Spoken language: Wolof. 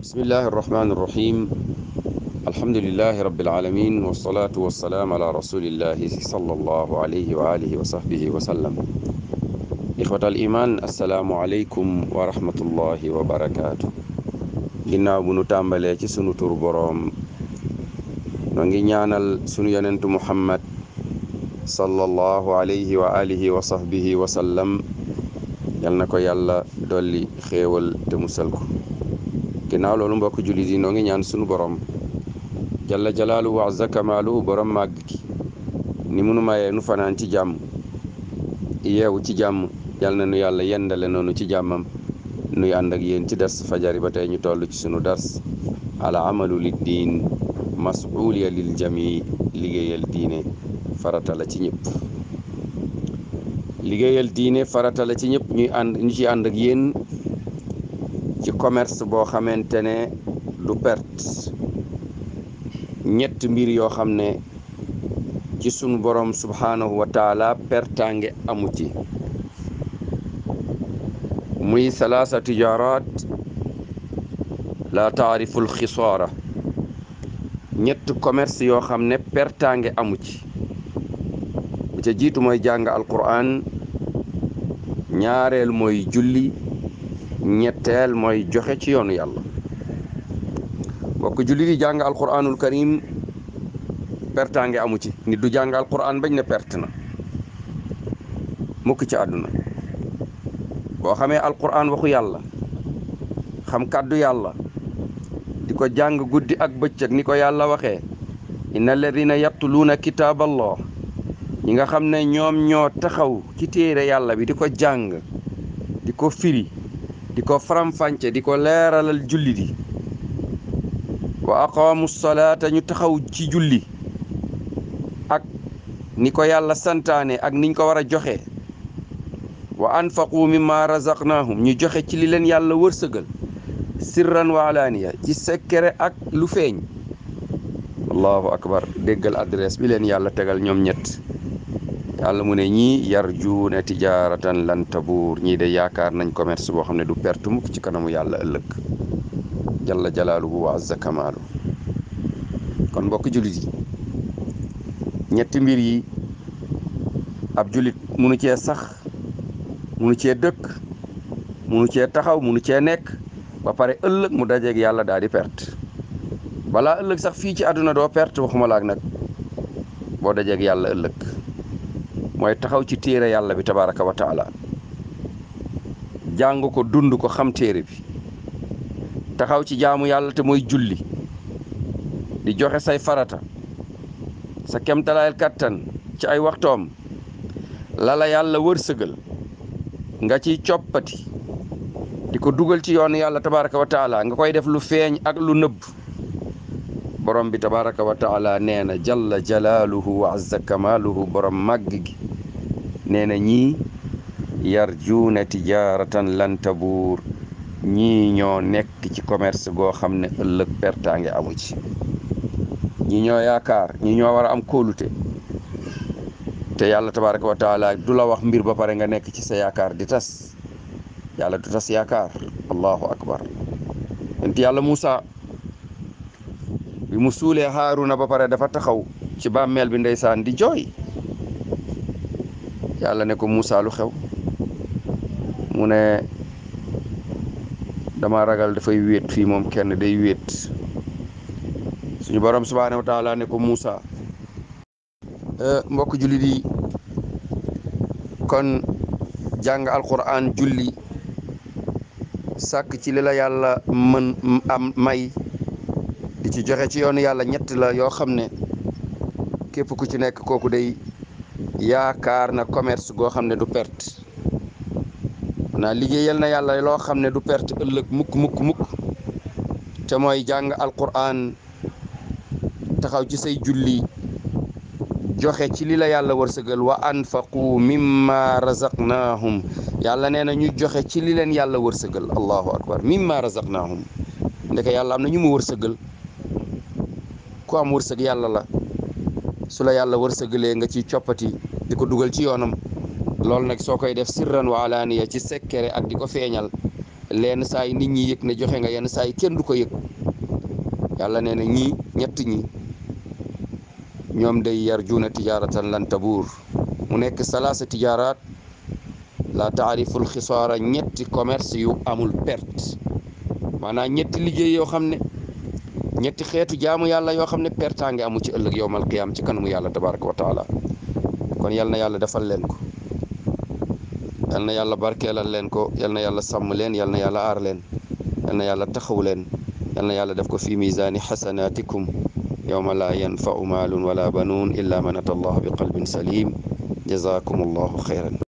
bismillahi arrahmani irrahim alhamdulilahi rabilalamin walsalaatu walsalaam ala rasulillahi sala allahu alayhi wa alihi wa sahbihi wa sallam ixwat al iman assalaamu aleykum wa rahmatullahi wa barakaatu ginnaaw bu nu tàmbalee ci sunu tur boroom noo ngi ñaanal sunu yonentu muhammad sallallahu alayhi wa alihi wa sahbihi wa sallam yal na ko yàlla dolli xéewal te musal ko ginnaaw loolu mbokk jullit yi noo ngi ñaan sunu borom jalla jalaalu wa kamaalu borom màgg gi ni munu mayee nu fanaan ci jàmm yeewu ci jàmm yal na nu yàlla yendale noonu ci jàmmam nuy ànd ak yéen ci des fajari ba tey ñu toll ci sunu dars ala amalu lid diin masuuliya lil jami liggéeyal diine farata ci ñëpp liggéeyal diine farata ci ñëpp ñuy ànd ñu ci ànd ak yéen ci commerce boo xamante ne du perte ñett mbir yoo xam ne ci sunu borom subhaanahu wa taala amu ci muy salaasa tijaaraat la taariful xisaara ñett commerce yoo xam ne pertange amu ci bu ca jiitu moy jàng alquran ñaareel mooy julli ñetteel mooy joxe ci yoonu yàlla mbokk jullit yi jàng alquranul karim pertaange amu ci nit du jàng alquran bañ ne perte na mukk ci àdduna boo xamee alquran waxu yàlla xam kàddu yàlla di ko jàng guddi ak bëccëg ni ko yàlla waxee inna alladina yatluuna kitaaballah ñi nga xam ne ñoom ñoo taxaw ci téere yàlla bi di ko jàng di ko firi di ko faram di ko leeralal julli di wa aqaamu salaata ñu taxaw ci julli ak ni ko yàlla santaane ak niñ ko war a joxe wa anfaqu mimma razaqnaahum ñu joxe ci li leen yàlla wërsëgal sirran wa ci sekkere ak lu feeñ allahu akbar déggal adresse bi leen yàlla tegal ñoom ñett yàlla mu ne ñii yar yarjuuna tijaaratan lan tabuur ñii de yaakaar nañ commerce boo xam ne du perte mukk ci kanamu yàlla ëllëg jalla jalaaluhu wa azza kamaalu kon mbokk jullit yi ñetti mbir yi ab jullit munu cee sax munu cee dëkk munu cee taxaw munu cee nekk ba pare ëllëg mu dajeeg yàlla daal di perte balaa ëllëg sax fii ci àdduna doo perte waxuma laak nag boo dajeeg yàlla ëllëg mooy taxaw ci téere yàlla bi tabaraka wa taala jàng ko dund ko xam téere bi taxaw ci jaamu yàlla te mooy julli di joxe say farata sa kemtalaayal kàttan ci ay waxtoom lala yàlla wërsëgal nga ciy coppati di ko dugal ci yoon yàlla tabaraka wa taala nga koy def lu feeñ ak lu nëbb borom bi tabaraka wa taala nee na jalla jalaaluhu wa azza kamaaluhu borom màgg gi nee na ñii yarjuuna tijaaratan lan tabuur ñii ñoo nekk ci commerce goo xam ne ëllëg pertaange amu ci ñi ñoo yaakaar ñi war a am kóolute te yàlla tabaraka wa taala du la wax mbir ba pare nga nekk ci sa yaakaar di tas yàlla du tas yaakaar allahu akbar ent yàlla bi mu suulee Haaruna ba pare dafa taxaw ci bàmmeel bi ndeysaan di jooy yàlla ne ko Moussa lu xew mu ne dama ragal dafay wéet fii moom kenn day wéet suñu borom subhaanahu taalaa ne ko Moussa eh, mbokk jullit yi kon jàng alquran julli sàkk ci li yàlla mën am may di ci joxe ci yoonu yàlla ñett la yoo xam ne képp ku ci nekk kooku day yaakaar na commerce goo xam ne du perte naa liggéeyal na yàlla loo xam ne du perte ëllëg mukk mukk mukk te mooy jàng alquran taxaw ci say julli joxe ci li la yàlla wërsëgal wa anfaqu mimma razaqnaahum yàlla nee na ñu joxe ci li leen yàlla wërsëgal allahu akbar mimma razaqnaahum ndeke yàlla am na ñu mu wërsëgal ku am wërsëg yàlla la su la yàlla wërsëgalee nga ciy coppati di ko dugal ci yoonam loolu nag soo koy def sirran wa alaaniya ci sekkere ak di ko feeñal lenn saa yi nit ñi yëg ne joxe nga yenn saay kenn du ko yëg yàlla nee na ñii ñett ñi ñoom day yar yarjuuna tijaaratan lan tabuur mu nekk salaasa tijaaraat la taariful xisaara ñetti commerce yu amul perte maanaam ñetti liggéey yoo xam ne ñetti xeetu jaamu yàlla yoo xam ne pertaange amu ci ëllëg yowmal qiyaam ci kanamu yàlla tabaraka wa taala kon yal na yàlla defal leen ko yal na yàlla barkeelal leen ko yal yàlla sàmm leen yal na yàlla aar leen na yàlla taxaw leen yal na yàlla def ko fi misaani xasanaatikum yowma laa yanfau maalun wala banuun illa man ata allah bi qalbin salim jazakum allahu xeyran